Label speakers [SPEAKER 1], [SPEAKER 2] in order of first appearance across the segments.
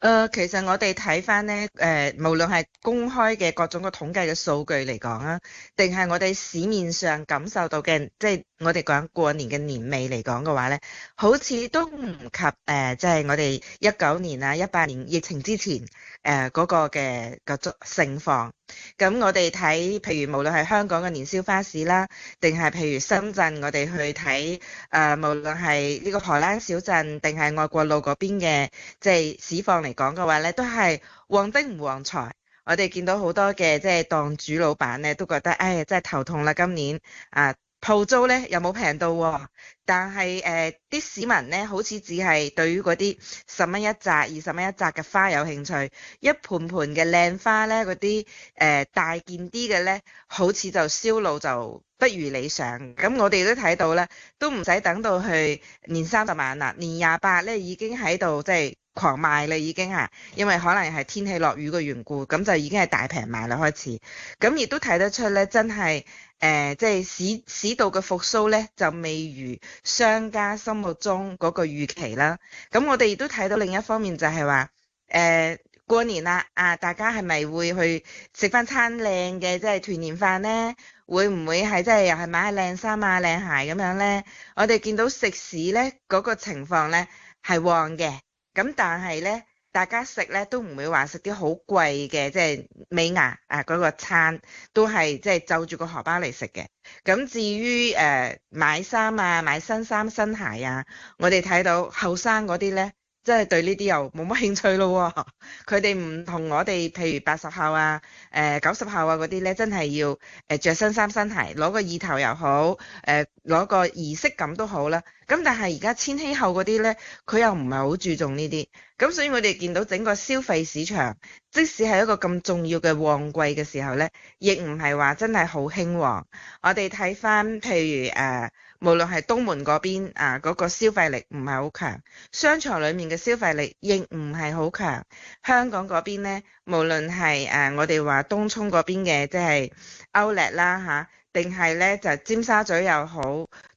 [SPEAKER 1] 誒、呃，其實我哋睇翻呢，誒、呃，無論係公開嘅各種嘅統計嘅數據嚟講啊，定係我哋市面上感受到嘅，即係我哋講過年嘅年味嚟講嘅話呢，好似都唔及誒，即、呃、係、就是、我哋一九年啊、一八年疫情之前誒嗰、呃那個嘅、那個足盛況。咁我哋睇，譬如無論係香港嘅年宵花市啦，定係譬如深圳，我哋去睇誒、呃，無論係呢個荷蘭小鎮定係外國路嗰邊嘅，即係市況嚟講嘅話咧，都係旺丁唔旺財。我哋見到好多嘅即係檔主老闆咧，都覺得誒、哎，真係頭痛啦！今年啊，鋪租咧又冇平到、哦。但係誒，啲、呃、市民咧，好似只係對於嗰啲十蚊一扎、二十蚊一紮嘅花有興趣。一盆盆嘅靚花咧，嗰啲誒大件啲嘅咧，好似就銷路就不如理想。咁我哋都睇到啦，都唔使等到去年三十晚啦，年廿八咧已經喺度即係。就是狂賣啦，已經嚇，因為可能係天氣落雨嘅緣故，咁就已經係大平賣啦開始。咁亦都睇得出咧，真係誒，即、呃、係、就係、市市道嘅復甦咧，就未如商家心目中嗰個預期啦。咁我哋亦都睇到另一方面就、呃啊是是一，就係話誒過年啦，啊大家係咪會去食翻餐靚嘅，即係團年飯咧？會唔會係即係又係買下靚衫、買靚鞋咁樣咧？我哋見到食肆咧嗰個情況咧係旺嘅。咁但係咧，大家食咧都唔會話食啲好貴嘅，即係美牙啊嗰個餐，都係即係就住個荷包嚟食嘅。咁至於誒買衫啊，買新衫新鞋啊，我哋睇到後生嗰啲咧。即係對呢啲又冇乜興趣咯，哦，佢哋唔同我哋，譬如八十後啊、誒九十後啊嗰啲呢，真係要誒著新衫新鞋，攞、呃、個意頭又好，誒、呃、攞個儀式感都好啦。咁但係而家千禧後嗰啲呢，佢又唔係好注重呢啲。咁所以我哋見到整個消費市場，即使係一個咁重要嘅旺季嘅時候呢，亦唔係話真係好興旺。我哋睇翻譬如誒，呃無論係東門嗰邊啊，嗰、嗰個消費力唔係好強，商場裡面嘅消費力亦唔係好強。香港嗰邊呢，無論係、啊、我哋話東涌嗰邊嘅即係 Outlet 啦嚇，定、啊、係呢，就尖沙咀又好，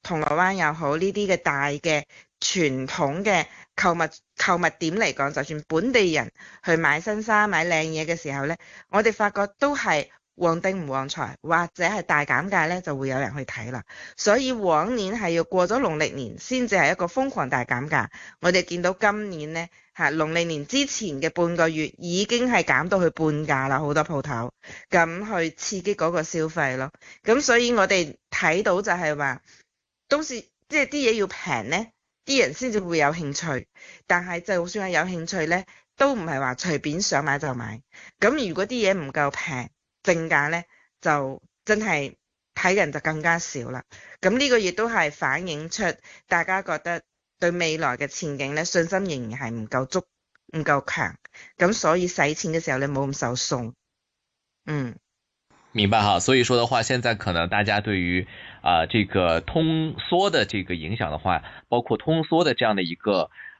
[SPEAKER 1] 銅鑼灣又好呢啲嘅大嘅傳統嘅購物購物點嚟講，就算本地人去買新衫、買靚嘢嘅時候呢，我哋發覺都係。旺丁唔旺財，或者係大減價呢，就會有人去睇啦。所以往年係要過咗農曆年先至係一個瘋狂大減價。我哋見到今年呢，吓農曆年之前嘅半個月已經係減到去半價啦，好多鋪頭咁去刺激嗰個消費咯。咁所以我哋睇到就係話，都、就是即係啲嘢要平呢，啲人先至會有興趣。但係就算係有興趣呢，都唔係話隨便想買就買。咁如果啲嘢唔夠平，正價咧，就真係睇人就更加少啦，咁呢個亦都係反映出大家覺得對未來嘅前景咧，信心仍然係唔夠足，唔夠強，咁所以使錢嘅時候咧冇咁受慫，嗯，
[SPEAKER 2] 明白啊，所以說的話，現在可能大家對於啊、呃、這個通縮的這個影響的話，包括通縮的這樣的一個。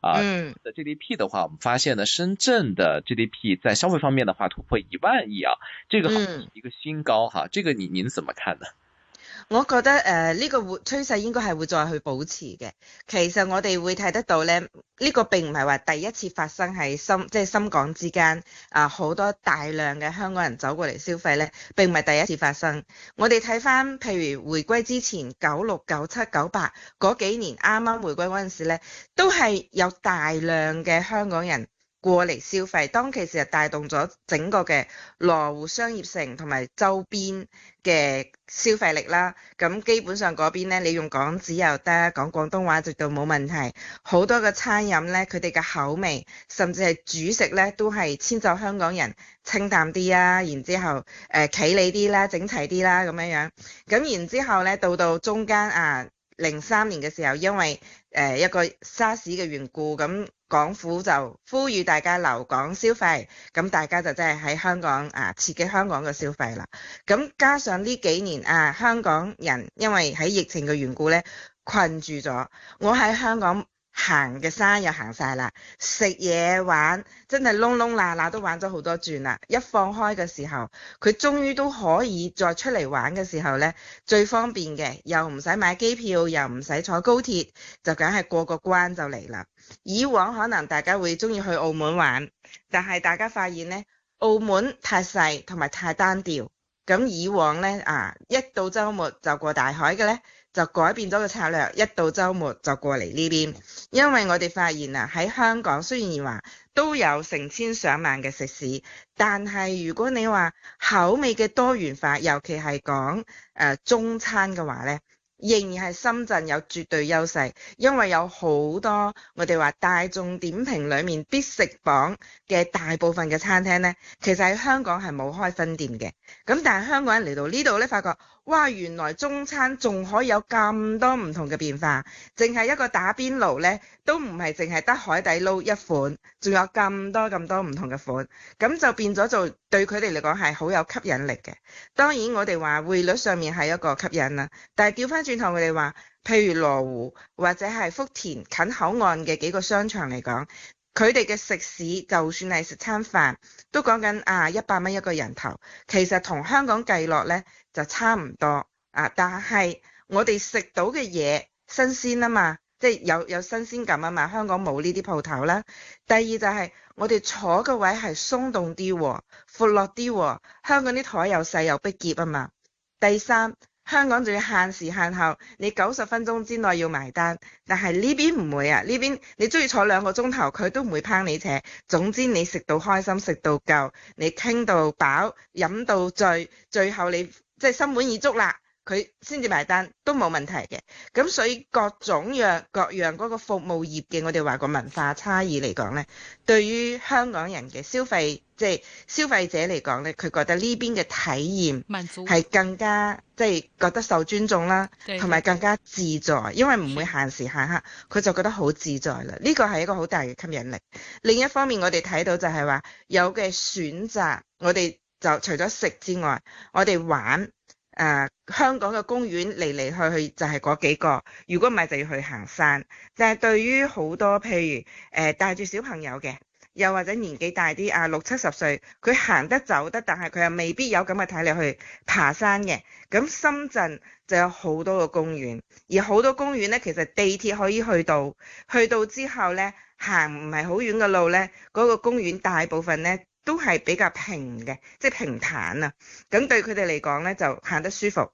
[SPEAKER 2] 啊，嗯、的 GDP 的話，我們發現呢，深圳的 GDP 在消費方面的話，突破一萬億啊，這個好像一個新高哈，嗯、這個你您怎麼看呢？
[SPEAKER 1] 我覺得誒呢個活趨勢應該係會再去保持嘅。其實我哋會睇得到咧，呢、這個並唔係話第一次發生喺深即係、就是、深港之間啊，好多大量嘅香港人走過嚟消費呢並唔係第一次發生。我哋睇返譬如回歸之前九六九七九八嗰幾年，啱啱回歸嗰陣時咧，都係有大量嘅香港人。過嚟消費，當其時係帶動咗整個嘅羅湖商業城同埋周邊嘅消費力啦。咁基本上嗰邊呢，你用港紙又得，講廣東話絕對冇問題。好多嘅餐飲呢，佢哋嘅口味甚至係主食呢，都係遷就香港人清淡啲啊。然之後誒、呃、企理啲啦，整齊啲啦咁樣樣。咁然之後咧，到到中間啊零三年嘅時候，因為誒、呃、一個沙士嘅緣故咁。港府就呼籲大家留港消費，咁大家就真係喺香港啊，刺激香港嘅消費啦。咁加上呢幾年啊，香港人因為喺疫情嘅緣故咧，困住咗。我喺香港。行嘅山又行晒啦，食嘢玩真係窿窿罅罅都玩咗好多轉啦。一放開嘅時候，佢終於都可以再出嚟玩嘅時候呢，最方便嘅，又唔使買機票，又唔使坐高鐵，就梗係過個關就嚟啦。以往可能大家會鍾意去澳門玩，但係大家發現呢，澳門太細同埋太單調。咁以往呢，啊，一到周末就過大海嘅呢。就改變咗個策略，一到週末就過嚟呢邊，因為我哋發現啊，喺香港雖然話都有成千上萬嘅食肆，但係如果你話口味嘅多元化，尤其係講誒中餐嘅話呢，仍然係深圳有絕對優勢，因為有好多我哋話大眾點評裡面必食榜嘅大部分嘅餐廳呢，其實喺香港係冇開分店嘅，咁但係香港人嚟到呢度呢，發覺。哇！原來中餐仲可以有咁多唔同嘅變化，淨係一個打邊爐呢，都唔係淨係得海底撈一款，仲有咁多咁多唔同嘅款，咁就變咗就對佢哋嚟講係好有吸引力嘅。當然我哋話匯率上面係一個吸引啦，但係叫返轉頭佢哋話，譬如羅湖或者係福田近口岸嘅幾個商場嚟講。佢哋嘅食肆就算係食餐飯，都講緊啊一百蚊一個人頭，其實同香港計落呢就差唔多啊。但係我哋食到嘅嘢新鮮啊嘛，即係有有新鮮感啊嘛。香港冇呢啲鋪頭啦。第二就係、是、我哋坐嘅位係鬆動啲、啊，闊落啲、啊。香港啲台又細又逼夾啊嘛。第三。香港仲要限時限後，你九十分鐘之內要埋單，但係呢邊唔會啊，呢邊你中意坐兩個鐘頭，佢都唔會攀你扯。總之你食到開心，食到夠，你傾到飽，飲到醉，最後你即係、就是、心滿意足啦。佢先至埋單都冇問題嘅，咁所以各種各樣各樣嗰個服務業嘅，我哋話個文化差異嚟講呢，對於香港人嘅消費，即係消費者嚟講呢，佢覺得呢邊嘅體驗係更加即係覺得受尊重啦，同埋更加自在，因為唔會限時限刻，佢就覺得好自在啦。呢個係一個好大嘅吸引力。另一方面，我哋睇到就係話有嘅選擇，我哋就除咗食之外，我哋玩。誒，香港嘅公園嚟嚟去去就係嗰幾個，如果唔係就要去行山。就係對於好多譬如誒帶住小朋友嘅，又或者年紀大啲啊六七十歲，佢行得走得，但係佢又未必有咁嘅體力去爬山嘅。咁深圳就有好多個公園，而好多公園呢，其實地鐵可以去到，去到之後呢，行唔係好遠嘅路呢，嗰個公園大部分呢，都係比較平嘅，即係平坦啊！咁對佢哋嚟講呢，就行得舒服，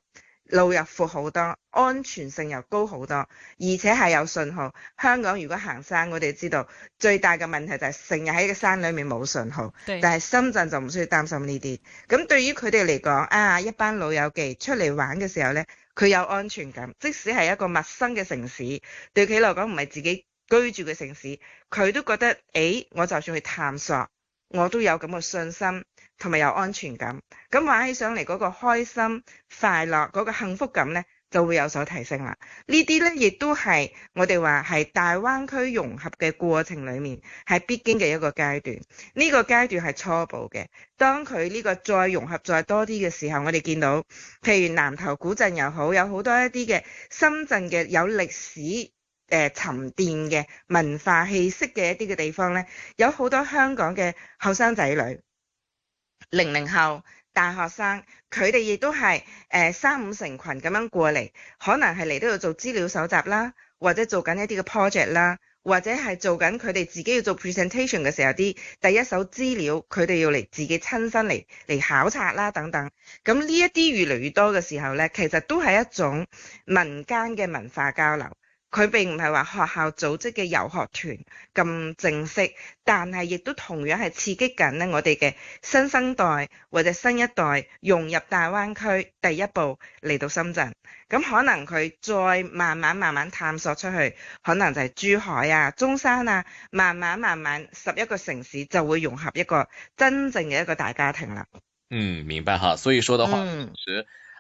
[SPEAKER 1] 路又闊好多，安全性又高好多，而且係有信號。香港如果行山，我哋知道最大嘅問題就係成日喺個山裏面冇信號。對但係深圳就唔需要擔心呢啲。咁對於佢哋嚟講，啊一班老友記出嚟玩嘅時候呢，佢有安全感，即使係一個陌生嘅城市，對佢嚟講唔係自己居住嘅城市，佢都覺得，哎、欸，我就算去探索。我都有咁嘅信心同埋有安全感，咁玩起上嚟嗰個開心快樂嗰個幸福感呢，就會有所提升啦。呢啲呢，亦都係我哋話係大灣區融合嘅過程裡面係必經嘅一個階段。呢個階段係初步嘅，當佢呢個再融合再多啲嘅時候，我哋見到譬如南頭古鎮又好，有好多一啲嘅深圳嘅有歷史嘅、呃、沉澱嘅文化氣息嘅一啲嘅地方咧，有好多香港嘅後生仔女，零零後大學生，佢哋亦都係誒三五成群咁樣過嚟，可能係嚟呢度做資料搜集啦，或者做緊一啲嘅 project 啦，或者係做緊佢哋自己要做 presentation 嘅時候啲第一手資料，佢哋要嚟自己親身嚟嚟考察啦等等。咁呢一啲越嚟越多嘅時候咧，其實都係一種民間嘅文化交流。佢並唔係話學校組織嘅遊學團咁正式，但係亦都同樣係刺激緊咧我哋嘅新生代或者新一代融入大灣區，第一步嚟到深圳，咁可能佢再慢慢慢慢探索出去，可能就係珠海啊、中山啊，慢慢慢慢十一個城市就會融合一個真正嘅一個大家庭啦。嗯，
[SPEAKER 2] 明白哈，所以話嘅話，嗯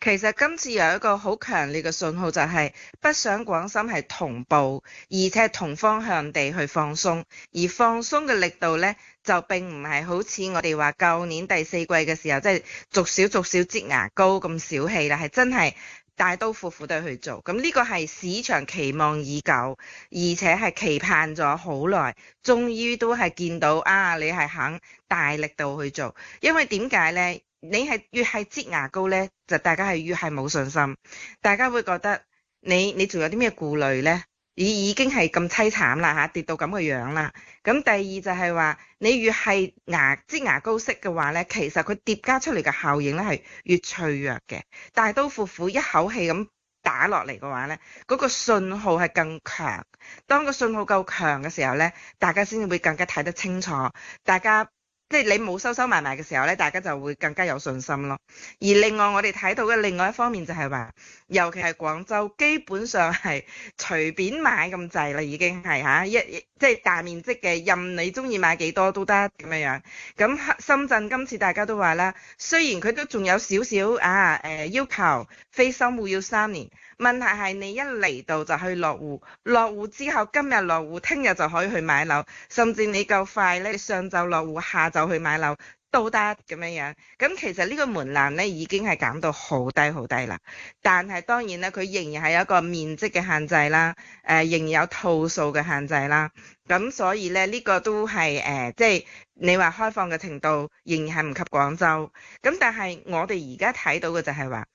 [SPEAKER 1] 其實今次有一個好強烈嘅信號就係北上廣深係同步，而且同方向地去放鬆，而放鬆嘅力度呢，就並唔係好似我哋話舊年第四季嘅時候即係、就是、逐少逐少擠牙膏咁小氣啦，係真係大刀闊斧、斧地去做。咁呢個係市場期望已久，而且係期盼咗好耐，終於都係見到啊！你係肯大力度去做，因為點解呢？你係越係擠牙膏呢，就大家係越係冇信心，大家會覺得你你仲有啲咩顧慮呢？已已經係咁淒慘啦吓，跌到咁嘅樣啦。咁第二就係話，你越係牙擠牙膏式嘅話呢，其實佢疊加出嚟嘅效應呢係越脆弱嘅。大刀闊斧一口氣咁打落嚟嘅話呢，嗰、嗰個信號係更強。當個信號夠強嘅時候呢，大家先會更加睇得清楚，大家。即係你冇收收埋埋嘅時候咧，大家就會更加有信心咯。而另外，我哋睇到嘅另外一方面就係話。尤其係廣州，基本上係隨便買咁滯啦，已經係嚇，一即係、就是、大面積嘅，任你中意買幾多都得咁樣樣。咁深圳今次大家都話啦，雖然佢都仲有少少啊，誒、呃、要求非深戶要三年，問題係你一嚟到就去落戶，落戶之後今日落戶，聽日就可以去買樓，甚至你夠快咧，上晝落戶，下晝去買樓。都得咁樣樣，咁其實呢個門檻呢已經係減到好低好低啦，但係當然咧佢仍然係有一個面積嘅限制啦，誒、呃，仍然有套數嘅限制啦，咁所以呢，呢、這個都係誒，即、呃、係、就是、你話開放嘅程度仍然係唔及廣州，咁但係我哋而家睇到嘅就係話。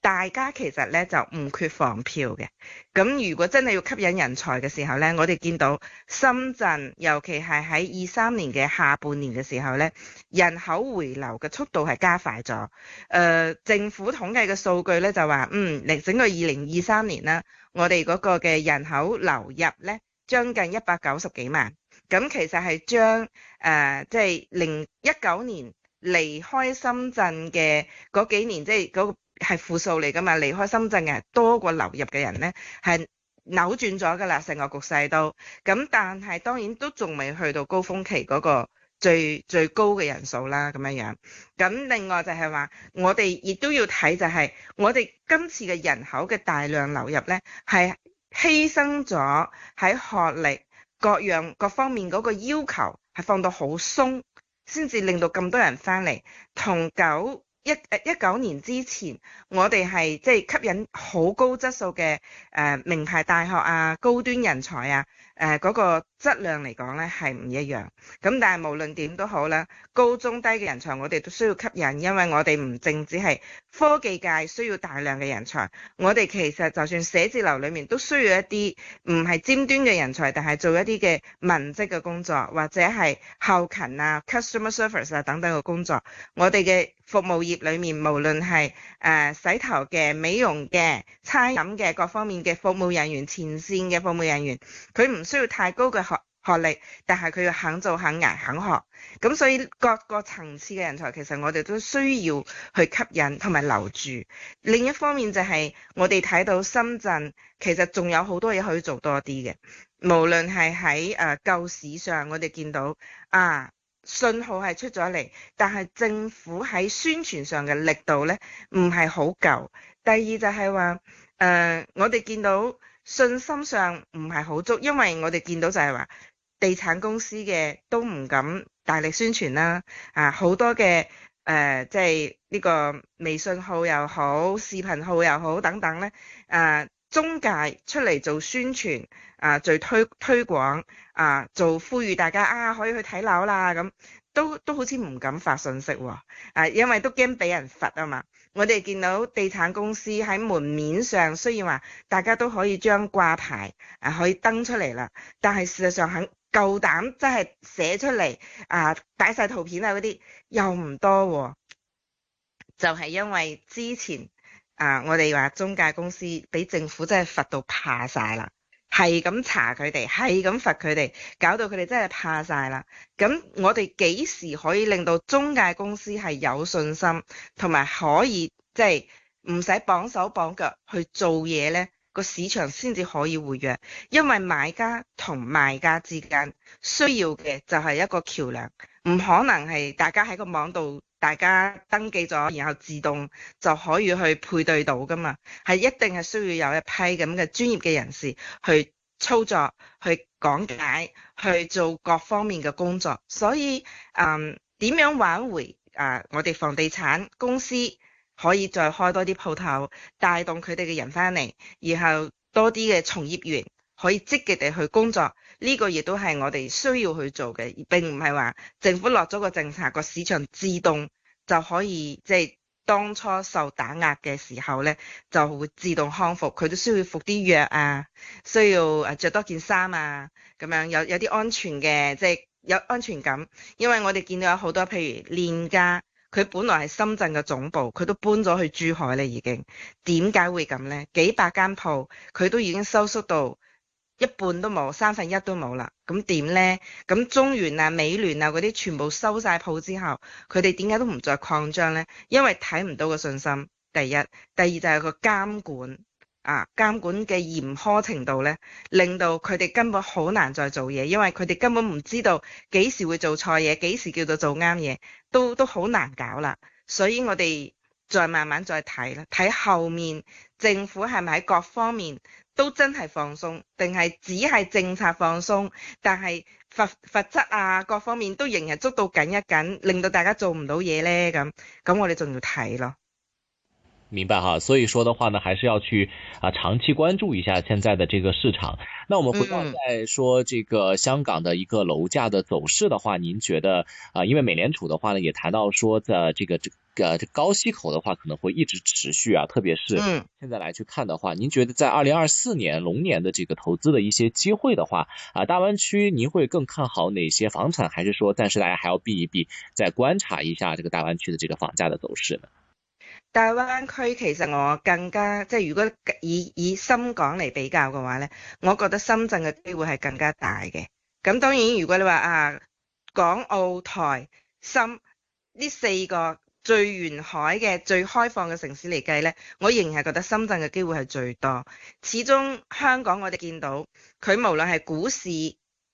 [SPEAKER 1] 大家其實咧就唔缺房票嘅，咁如果真係要吸引人才嘅時候呢，我哋見到深圳尤其係喺二三年嘅下半年嘅時候呢，人口回流嘅速度係加快咗。誒、呃，政府統計嘅數據呢，就話，嗯，嚟整個二零二三年呢，我哋嗰個嘅人口流入呢，將近一百九十幾萬，咁其實係將誒即係零一九年離開深圳嘅嗰幾年，即係嗰個。係負數嚟㗎嘛？離開深圳嘅多過流入嘅人呢，係扭轉咗㗎啦，成個局勢都。咁但係當然都仲未去到高峰期嗰個最最高嘅人數啦，咁樣樣。咁另外就係話，我哋亦都要睇就係、是，我哋今次嘅人口嘅大量流入呢，係犧牲咗喺學歷各樣各方面嗰個要求係放到好鬆，先至令到咁多人翻嚟同狗。一誒一九年之前，我哋係即係吸引好高質素嘅誒名牌大學啊，高端人才啊。誒嗰、呃嗰個質量嚟講咧係唔一樣，咁但係無論點都好啦，高中低嘅人才我哋都需要吸引，因為我哋唔淨只係科技界需要大量嘅人才，我哋其實就算寫字樓裡面都需要一啲唔係尖端嘅人才，但係做一啲嘅文職嘅工作或者係後勤啊、customer service 啊等等嘅工作，我哋嘅服務業裡面無論係誒洗頭嘅、美容嘅、餐飲嘅各方面嘅服務人員、前線嘅服務人員，佢唔需要太高嘅學學歷，但係佢要肯做肯捱肯學，咁所以各個層次嘅人才其實我哋都需要去吸引同埋留住。另一方面就係我哋睇到深圳其實仲有好多嘢可以做多啲嘅，無論係喺誒救市上，我哋見到啊信號係出咗嚟，但係政府喺宣傳上嘅力度呢，唔係好夠。第二就係話誒，我哋見到。信心上唔係好足，因為我哋見到就係話，地產公司嘅都唔敢大力宣傳啦。啊，好多嘅誒，即係呢個微信號又好，視頻號又好等等呢，誒、啊，中介出嚟做宣傳，啊，做推推廣，啊，做呼籲大家啊，可以去睇樓啦，咁都都好似唔敢發信息喎。啊，因為都驚俾人罰啊嘛。我哋見到地產公司喺門面上，雖然話大家都可以將掛牌，啊可以登出嚟啦，但係事實上肯夠膽真係寫出嚟啊，擺晒圖片啊嗰啲又唔多喎。哦，就係，是，因為之前啊，我哋話中介公司俾政府真係罰到怕晒啦。係咁查佢哋，係咁罰佢哋，搞到佢哋真係怕晒啦。咁我哋幾時可以令到中介公司係有信心，同埋可以即係唔使綁手綁腳去做嘢呢？個市場先至可以活躍，因為買家同賣家之間需要嘅就係一個橋樑，唔可能係大家喺個網度。大家登記咗，然後自動就可以去配對到噶嘛，係一定係需要有一批咁嘅專業嘅人士去操作、去講解、去做各方面嘅工作，所以嗯呃、點樣挽回啊、呃、我哋房地產公司可以再開多啲鋪頭，帶動佢哋嘅人翻嚟，然後多啲嘅從業員可以積極地去工作。呢個亦都係我哋需要去做嘅，而並唔係話政府落咗個政策，個市場自動就可以即係當初受打壓嘅時候呢，就會自動康復。佢都需要服啲藥啊，需要誒着多件衫啊，咁樣有有啲安全嘅，即係有安全感。因為我哋見到有好多譬如鏈家，佢本來係深圳嘅總部，佢都搬咗去珠海啦，已經。點解會咁呢？幾百間鋪，佢都已經收縮到。一半都冇，三分一都冇啦。咁點呢？咁中原啊、美聯啊嗰啲，全部收晒鋪之後，佢哋點解都唔再擴張呢？因為睇唔到個信心。第一，第二就係個監管啊，監管嘅嚴苛程度呢，令到佢哋根本好難再做嘢，因為佢哋根本唔知道幾時會做錯嘢，幾時叫做做啱嘢，都都好難搞啦。所以我哋再慢慢再睇啦，睇後面政府係咪喺各方面，都真係放鬆，定係只係政策放鬆，但係罰罰則啊，各方面都仍然捉到緊一緊，令到大家做唔到嘢呢。咁，咁我哋仲要睇咯。
[SPEAKER 2] 明白哈，所以說的話呢，還是要去啊長期關注一下現在嘅這個市場。那我們回到再說這個香港的一個樓價的走勢的話，您覺得啊，因為美聯儲的話呢，也談到說的這個。個、啊、高息口的話可能會一直持續啊，特別是現在來去看的話，嗯、您覺得在二零二四年龍年的這個投資的一些機會的話啊，大灣區您會更看好哪些房產，還是說暫時大家還要避一避，再觀察一下這個大灣區的這個房價的走勢呢？
[SPEAKER 1] 大灣區其實我更加即係如果以以深港嚟比較嘅話咧，我覺得深圳嘅機會係更加大嘅。咁當然如果你話啊，港澳台深呢四個。最沿海嘅最開放嘅城市嚟計呢，我仍然係覺得深圳嘅機會係最多。始終香港我哋見到，佢無論係股市、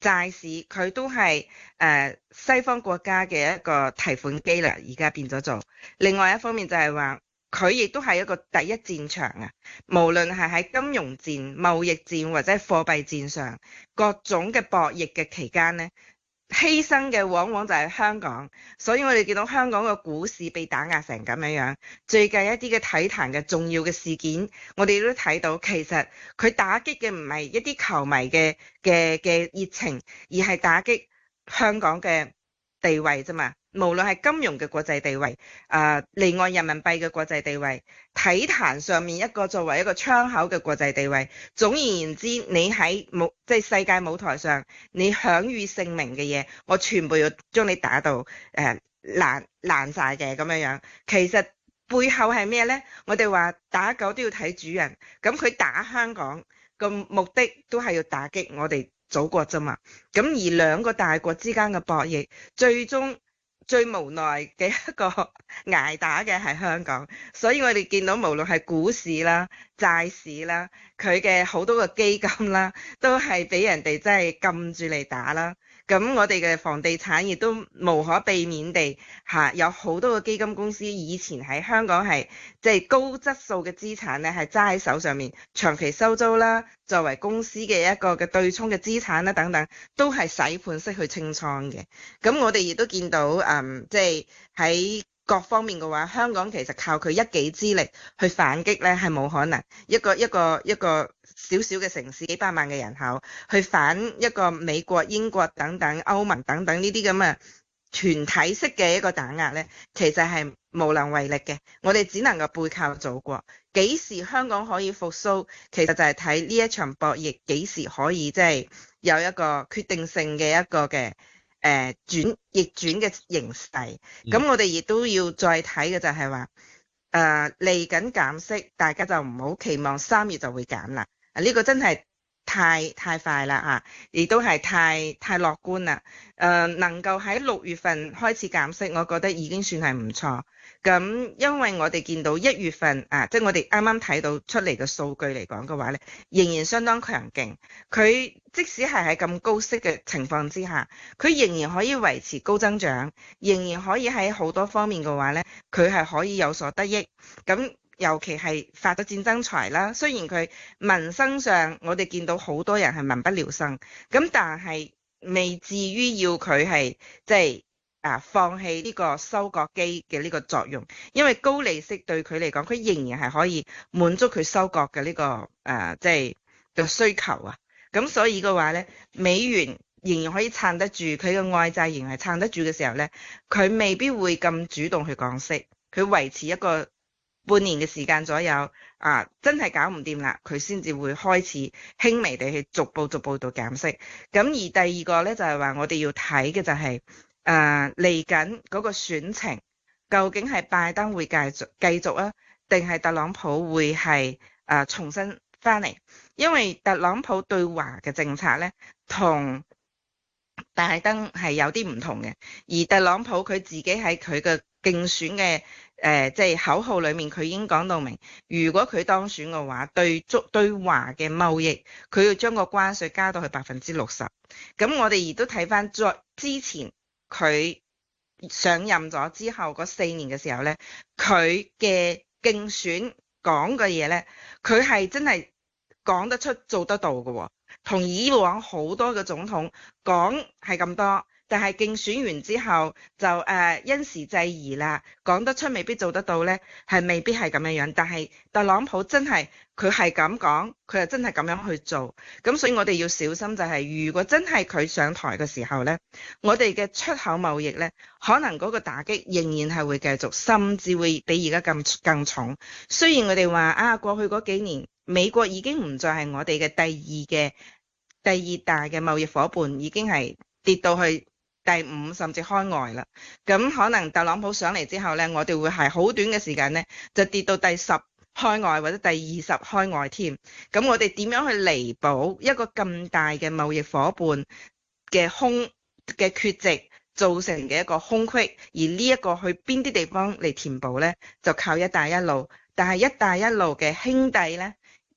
[SPEAKER 1] 債市，佢都係誒、呃、西方國家嘅一個提款機啦。而家變咗做另外一方面就係話，佢亦都係一個第一戰場啊！無論係喺金融戰、貿易戰或者係貨幣戰上各種嘅博弈嘅期間呢。犧牲嘅往往就係香港，所以我哋見到香港嘅股市被打壓成咁樣樣。最近一啲嘅體壇嘅重要嘅事件，我哋都睇到，其實佢打擊嘅唔係一啲球迷嘅嘅嘅熱情，而係打擊香港嘅。地位啫嘛，無論係金融嘅國際地位，誒、呃，離岸人民幣嘅國際地位，體壇上面一個作為一個窗口嘅國際地位，總而言之你，你喺舞即係世界舞台上，你享譽盛名嘅嘢，我全部要將你打到誒、呃、爛爛晒嘅咁樣樣。其實背後係咩呢？我哋話打狗都要睇主人，咁佢打香港個目的都係要打擊我哋祖國啫嘛，咁而兩個大國之間嘅博弈，最終最無奈嘅一個挨打嘅係香港，所以我哋見到無論係股市啦、債市啦，佢嘅好多嘅基金啦，都係俾人哋即係撳住嚟打啦。咁我哋嘅房地產亦都無可避免地嚇、啊、有好多嘅基金公司以前喺香港係即係高質素嘅資產咧，係揸喺手上面長期收租啦，作為公司嘅一個嘅對沖嘅資產啦等等，都係洗盤式去清倉嘅。咁我哋亦都見到誒，即係喺各方面嘅話，香港其實靠佢一己之力去反擊咧，係冇可能，一個一個一個。一個少少嘅城市幾百萬嘅人口去反一個美國、英國等等歐盟等等呢啲咁嘅團體式嘅一個打壓呢，其實係無能為力嘅。我哋只能夠背靠祖國。幾時香港可以復甦，其實就係睇呢一場博弈幾時可以即係、就是、有一個決定性嘅一個嘅誒、呃、轉逆轉嘅形勢。咁、嗯、我哋亦都要再睇嘅就係話誒嚟緊減息，大家就唔好期望三月就會減啦。呢個真係太太快啦嚇，亦都係太太樂觀啦。誒，能夠喺六月份開始減息，我覺得已經算係唔錯。咁因為我哋見到一月份啊，即係我哋啱啱睇到出嚟嘅數據嚟講嘅話呢，仍然相當強勁。佢即使係喺咁高息嘅情況之下，佢仍然可以維持高增長，仍然可以喺好多方面嘅話呢，佢係可以有所得益。咁尤其係發咗戰爭財啦，雖然佢民生上我哋見到好多人係民不聊生，咁但係未至於要佢係即係啊放棄呢個收割機嘅呢個作用，因為高利息對佢嚟講，佢仍然係可以滿足佢收割嘅呢個誒即係嘅需求啊。咁所以嘅話呢，美元仍然可以撐得住，佢嘅外債仍然係撐得住嘅時候呢，佢未必會咁主動去降息，佢維持一個半年嘅時間左右，啊，真係搞唔掂啦，佢先至會開始輕微地去逐步逐步到減息。咁而第二個呢，就係話，我哋要睇嘅就係，誒嚟緊嗰個選情究竟係拜登會繼續繼續啊，定係特朗普會係誒重新翻嚟？因為特朗普對華嘅政策呢，同大登係有啲唔同嘅，而特朗普佢自己喺佢嘅競選嘅誒，即係口號裡面，佢已經講到明，如果佢當選嘅話，對足對華嘅貿易，佢要將個關稅加到去百分之六十。咁我哋亦都睇翻在之前佢上任咗之後嗰四年嘅時候呢，佢嘅競選講嘅嘢呢，佢係真係講得出、做得到嘅喎。同以往好多嘅總統講係咁多，但係競選完之後就誒、呃、因時制宜啦，講得出未必做得到呢，係未必係咁樣樣。但係特朗普真係佢係咁講，佢係真係咁樣去做，咁所以我哋要小心就係、是，如果真係佢上台嘅時候呢，我哋嘅出口貿易呢，可能嗰個打擊仍然係會繼續，甚至會比而家更更重。雖然我哋話啊，過去嗰幾年。美國已經唔再係我哋嘅第二嘅第二大嘅貿易夥伴，已經係跌到去第五甚至開外啦。咁可能特朗普上嚟之後呢，我哋會係好短嘅時間呢，就跌到第十開外或者第二十開外添。咁我哋點樣去彌補一個咁大嘅貿易夥伴嘅空嘅缺席造成嘅一個空隙？而呢一個去邊啲地方嚟填補呢？就靠一帶一路。但係一帶一路嘅兄弟呢？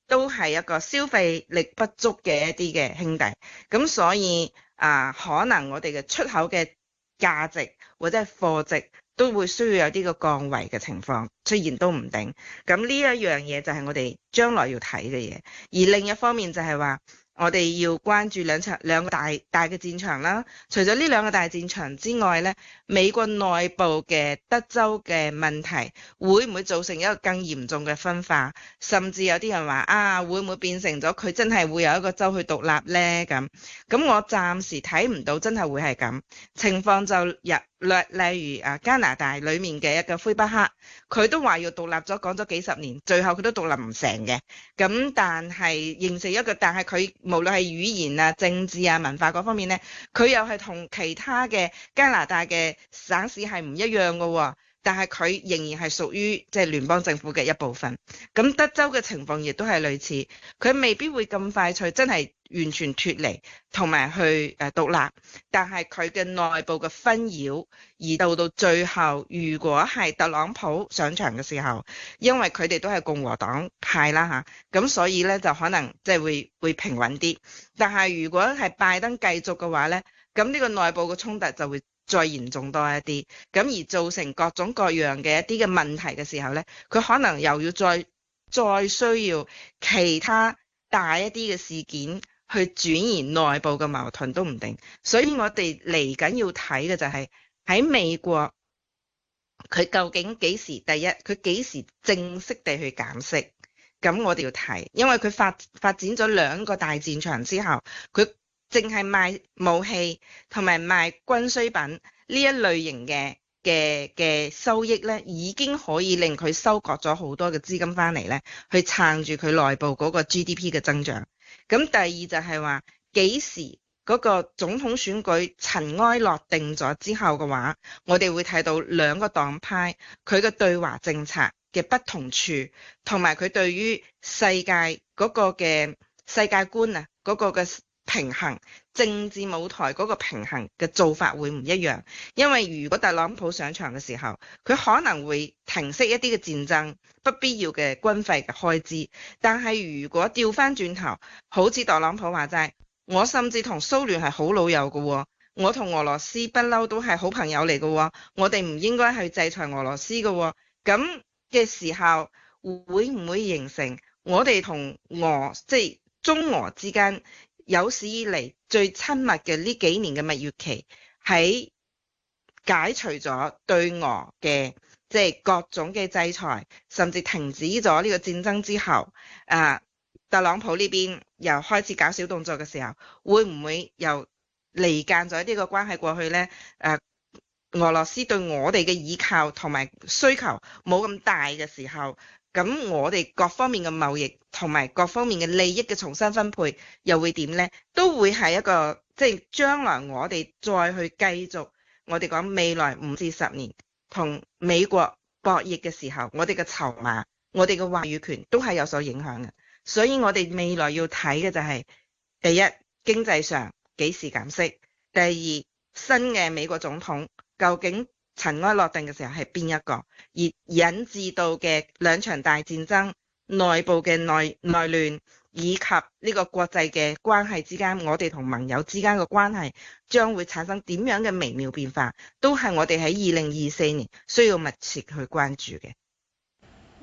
[SPEAKER 1] 都係一個消費力不足嘅一啲嘅兄弟，咁所以啊、呃，可能我哋嘅出口嘅價值或者係貨值都會需要有啲個降維嘅情況出現都唔定，咁呢一樣嘢就係我哋將來要睇嘅嘢，而另一方面就係話，我哋要關注兩場兩個大大嘅戰場啦，除咗呢兩個大戰場之外呢，美國內部嘅德州嘅問題會唔會造成一個更嚴重嘅分化？甚至有啲人話啊，會唔會變成咗佢真係會有一個州去獨立呢？咁咁我暫時睇唔到真係會係咁情況就入。例例如啊加拿大裏面嘅一個魁北克，佢都話要獨立咗，講咗幾十年，最後佢都獨立唔成嘅。咁但係形成一個，但係佢無論係語言啊、政治啊、文化嗰方面咧，佢又係同其他嘅加拿大嘅省市係唔一樣噶喎、哦。但係佢仍然係屬於即係聯邦政府嘅一部分。咁德州嘅情況亦都係類似，佢未必會咁快脆，真係完全脫離同埋去誒獨立。但係佢嘅內部嘅紛擾，而到到最後，如果係特朗普上場嘅時候，因為佢哋都係共和黨派啦吓，咁所以呢，就可能即係會會平穩啲。但係如果係拜登繼續嘅話呢，咁呢個內部嘅衝突就會再嚴重多一啲，咁而造成各種各樣嘅一啲嘅問題嘅時候呢，佢可能又要再再需要其他大一啲嘅事件去轉移內部嘅矛盾都唔定，所以我哋嚟緊要睇嘅就係喺美國佢究竟幾時第一，佢幾時正式地去減息，咁我哋要睇，因為佢發發展咗兩個大戰場之後，佢。淨係賣武器同埋賣軍需品呢一類型嘅嘅嘅收益呢，已經可以令佢收割咗好多嘅資金翻嚟呢，去撐住佢內部嗰個 GDP 嘅增長。咁第二就係話，幾時嗰個總統選舉塵埃落定咗之後嘅話，我哋會睇到兩個黨派佢嘅對華政策嘅不同處，同埋佢對於世界嗰個嘅世界觀啊嗰個嘅。平衡政治舞台嗰個平衡嘅做法會唔一樣，因為如果特朗普上場嘅時候，佢可能會停息一啲嘅戰爭，不必要嘅軍費嘅開支。但係如果調翻轉頭，好似特朗普話齋，我甚至同蘇聯係好老友嘅喎，我同俄羅斯不嬲都係好朋友嚟嘅喎，我哋唔應該去制裁俄羅斯嘅喎。咁嘅時候會唔會形成我哋同俄即係、就是、中俄之間。有史以嚟最親密嘅呢幾年嘅蜜月期，喺解除咗對俄嘅即係各種嘅制裁，甚至停止咗呢個戰爭之後，誒、啊、特朗普呢邊又開始搞小動作嘅時候，會唔會又離間咗呢個關係過去呢？誒、啊，俄羅斯對我哋嘅依靠同埋需求冇咁大嘅時候？咁我哋各方面嘅貿易同埋各方面嘅利益嘅重新分配又會點呢？都會係一個即係將來我哋再去繼續我哋講未來五至十年同美國博弈嘅時候，我哋嘅籌碼、我哋嘅話語權都係有所影響嘅。所以我哋未來要睇嘅就係：第一，經濟上幾時減息，第二，新嘅美國總統究竟塵埃落定嘅時候係邊一個，而引致到嘅兩場大戰爭，內部嘅內內亂以及呢個國際嘅關係之間，我哋同盟友之間嘅關係將會產生點樣嘅微妙變化，都係我哋喺二零二四年需要密切去關注嘅。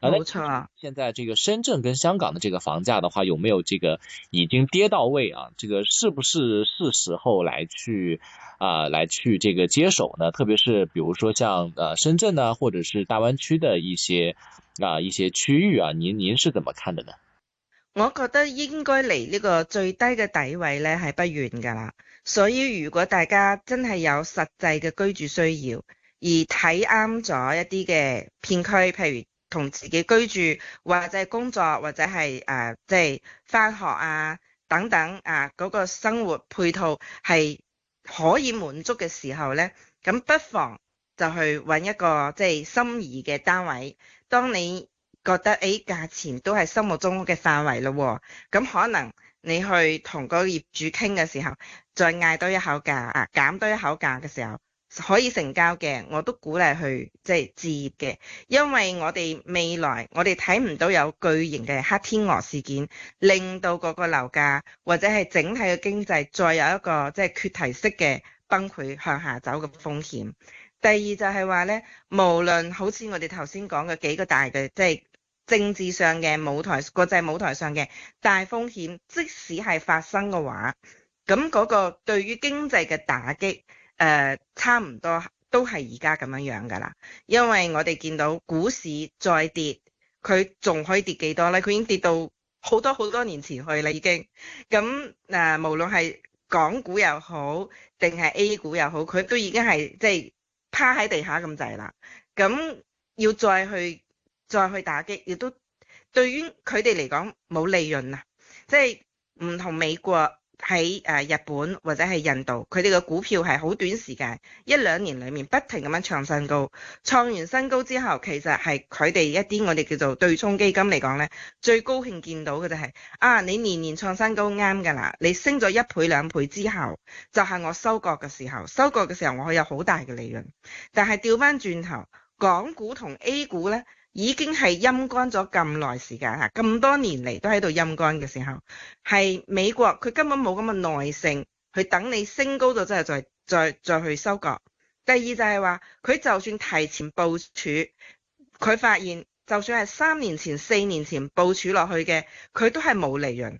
[SPEAKER 2] 冇錯啊，現在這個深圳跟香港的這個房價的話，有沒有這個已經跌到位啊？這個是不是是時候來去啊來去這個接手呢？特別是比如說像啊深圳呢、啊，或者是大灣區的一些啊一些區域啊，您您是怎麼看的呢？
[SPEAKER 1] 我覺得應該離呢個最低嘅底位呢係不遠噶啦，所以如果大家真係有實際嘅居住需要，而睇啱咗一啲嘅片區，譬如。同自己居住或者工作或者係誒即係翻學啊等等啊嗰個生活配套係可以滿足嘅時候咧，咁不妨就去揾一個即係心儀嘅單位。當你覺得誒價錢都係心目中嘅範圍咯，咁可能你去同個業主傾嘅時候，再嗌多一口價，啊，減多一口價嘅時候。可以成交嘅，我都鼓勵去即係置業嘅，因為我哋未來我哋睇唔到有巨型嘅黑天鵝事件令到嗰個樓價或者係整體嘅經濟再有一個即係決堤式嘅崩潰向下走嘅風險。第二就係話呢，無論好似我哋頭先講嘅幾個大嘅即係政治上嘅舞台、國際舞台上嘅大風險，即使係發生嘅話，咁嗰個對於經濟嘅打擊。誒差唔多都係而家咁樣樣㗎啦，因為我哋見到股市再跌，佢仲可以跌幾多咧？佢已經跌到好多好多年前去啦，已經咁嗱、呃，無論係港股又好，定係 A 股又好，佢都已經係即係趴喺地下咁滯啦。咁要再去再去打擊，亦都對於佢哋嚟講冇利潤啊，即係唔同美國。喺誒日本或者係印度，佢哋嘅股票係好短時間，一兩年裏面不停咁樣創新高，創完新高之後，其實係佢哋一啲我哋叫做對沖基金嚟講咧，最高興見到嘅就係，啊你年年創新高啱噶啦，你升咗一倍兩倍之後，就係我收割嘅時候，收割嘅時候我可以有好大嘅利潤，但係調翻轉頭，港股同 A 股咧。已經係陰乾咗咁耐時間啦，咁多年嚟，都喺度陰乾嘅時候，係美國佢根本冇咁嘅耐性去等你升高咗之後再再再去收割。第二就係話，佢就算提前部署，佢發現就算係三年前、四年前部署落去嘅，佢都係冇利潤，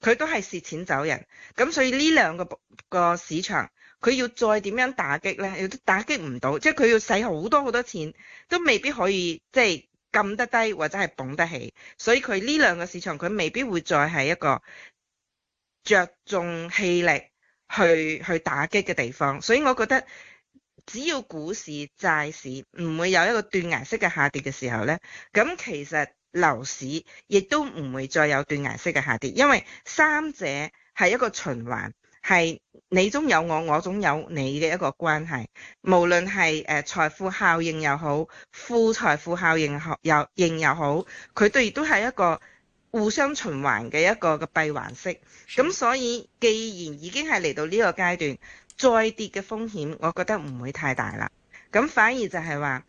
[SPEAKER 1] 佢都係蝕錢走人。咁所以呢兩個個市場。佢要再點樣打擊呢？又都打擊唔到，即係佢要使好多好多錢，都未必可以即係、就是、撳得低或者係捧得起。所以佢呢兩個市場，佢未必會再係一個着重氣力去去打擊嘅地方。所以我覺得，只要股市、債市唔會有一個斷崖式嘅下跌嘅時候呢，咁其實樓市亦都唔會再有斷崖式嘅下跌，因為三者係一個循環。係你中有我，我中有你嘅一個關係，無論係誒財富效應又好，負財富效應又又應又好，佢哋都係一個互相循環嘅一個嘅閉環式。咁所以既然已經係嚟到呢個階段，再跌嘅風險，我覺得唔會太大啦。咁反而就係話，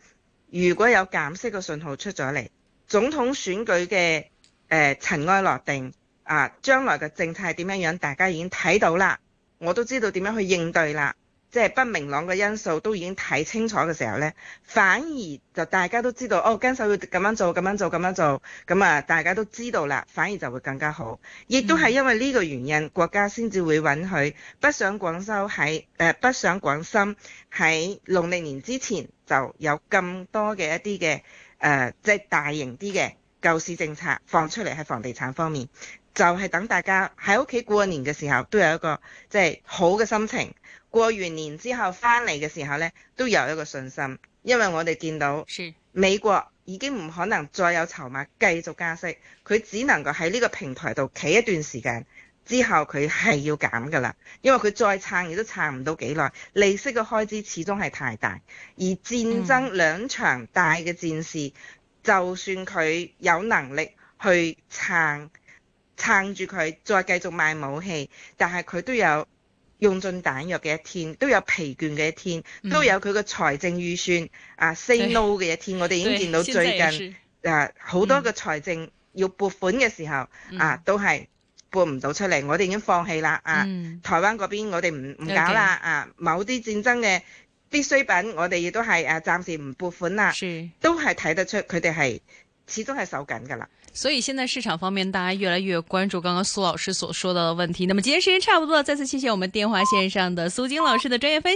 [SPEAKER 1] 如果有減息嘅信號出咗嚟，總統選舉嘅誒塵埃落定啊，將來嘅政策點樣樣，大家已經睇到啦。我都知道點樣去應對啦，即係不明朗嘅因素都已經睇清楚嘅時候呢，反而就大家都知道哦，跟手要咁樣做，咁樣做，咁樣做，咁啊，大家都知道啦，反而就會更加好。亦都係因為呢個原因，國家先至會允許北上廣州喺誒，北上廣深喺農曆年之前就有咁多嘅一啲嘅誒，即、呃、係、就是、大型啲嘅救市政策放出嚟喺房地產方面。嗯就係等大家喺屋企過年嘅時候，都有一個即係、就是、好嘅心情。過完年之後翻嚟嘅時候呢，都有一個信心，因為我哋見到美國已經唔可能再有籌碼繼續加息，佢只能夠喺呢個平台度企一段時間之後，佢係要減㗎啦。因為佢再撐亦都撐唔到幾耐，利息嘅開支始終係太大，而戰爭兩場大嘅戰事，嗯、就算佢有能力去撐。撐住佢，再繼續賣武器，但係佢都有用盡彈藥嘅一天，都有疲倦嘅一天，嗯、都有佢個財政預算對啊 say no 嘅一天。我哋已經見到最近啊，好多嘅財政要撥款嘅時候、嗯、啊，都係撥唔到出嚟。我哋已經放棄啦啊，嗯、台灣嗰邊我哋唔唔搞啦 Okay. 啊，某啲戰爭嘅必需品我哋亦都係誒暫時唔撥款啦，是都係睇得出佢哋係始終係手緊噶啦。
[SPEAKER 2] 所以現在市場方面，大家越來越關注剛剛蘇老師所說到的問題。那麼今天時間差不多了，再次謝謝我們電話線上的蘇菁老師的專業分享。